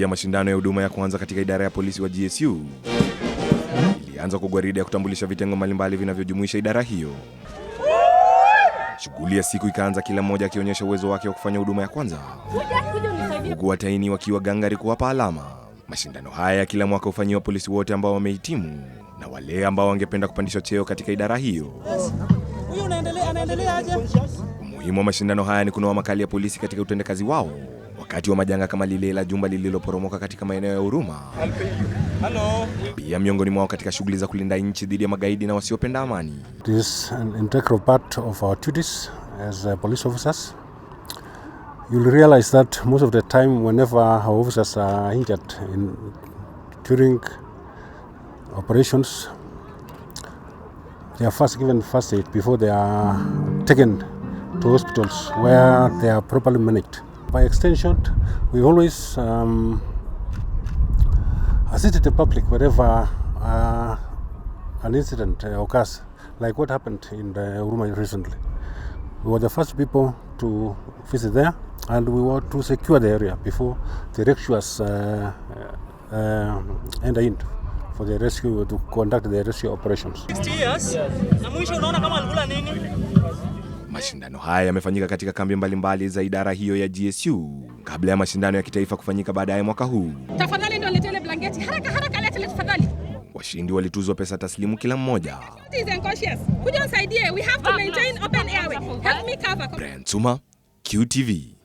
ya mashindano ya huduma ya kwanza katika idara ya polisi wa GSU ilianza kwa gwaride ya kutambulisha vitengo mbalimbali vinavyojumuisha idara hiyo. Shughuli ya siku ikaanza, kila mmoja akionyesha uwezo wake wa kufanya huduma ya kwanza, huku wataini wakiwa gangari kuwapa alama. Mashindano haya ya kila mwaka hufanyiwa polisi wote ambao wamehitimu na wale ambao wangependa kupandishwa cheo katika idara hiyo. Umuhimu wa mashindano haya ni kunoa makali ya polisi katika utendakazi wao wakati wa majanga kama lile la jumba lililoporomoka katika maeneo ya Huruma. Pia miongoni mwao katika shughuli za kulinda nchi dhidi ya magaidi na wasiopenda amani. It is an integral part of our duties as uh, police officers. You'll realize that most of the time whenever our officers are injured in, during operations they are first given first aid before they are taken to hospitals where they are properly managed. By extension, we always um, assist the public wherever uh, an incident uh, occurs, like what happened in the Uruma recently. We were the first people to visit there and we were to secure the area before the rescuers uh, uh, enter in for the rescue to conduct the rescue operations. 60 years. Mashindano haya yamefanyika katika kambi mbalimbali za idara hiyo ya GSU kabla ya mashindano ya kitaifa kufanyika baadaye mwaka huu. Tafadhali ndio letele blanketi. Haraka haraka letele tafadhali. Washindi walituzwa pesa taslimu kila mmoja. Brent Suma, QTV.